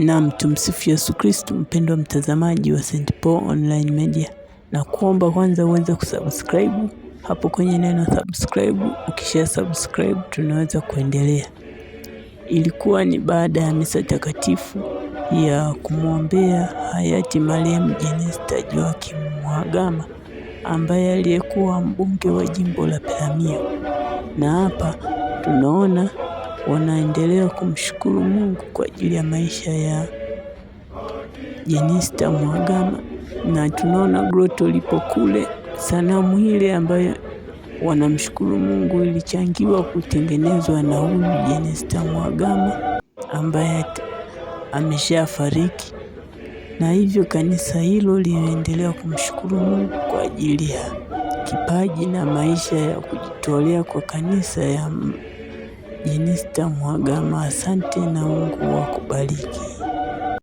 Naam, tumsifu Yesu Kristo. Mpendwa mtazamaji wa St. Paul Online Media, na kuomba kwanza uweze kusubscribe hapo kwenye neno subscribe. Ukisha subscribe, tunaweza kuendelea. Ilikuwa ni baada ya misa takatifu ya kumwombea hayati marehemu Jenista Joakim Mhagama ambaye aliyekuwa mbunge wa jimbo la Peramiho, na hapa tunaona wanaendelea kumshukuru Mungu kwa ajili ya maisha ya Jenista Mhagama, na tunaona groto lipo kule, sanamu ile ambayo wanamshukuru Mungu ilichangiwa kutengenezwa na huyu Jenista Mhagama ambaye ameshafariki, na hivyo kanisa hilo linaendelea kumshukuru Mungu kwa ajili ya kipaji na maisha ya kujitolea kwa kanisa ya Jenista Mhagama, asante na Mungu akubariki.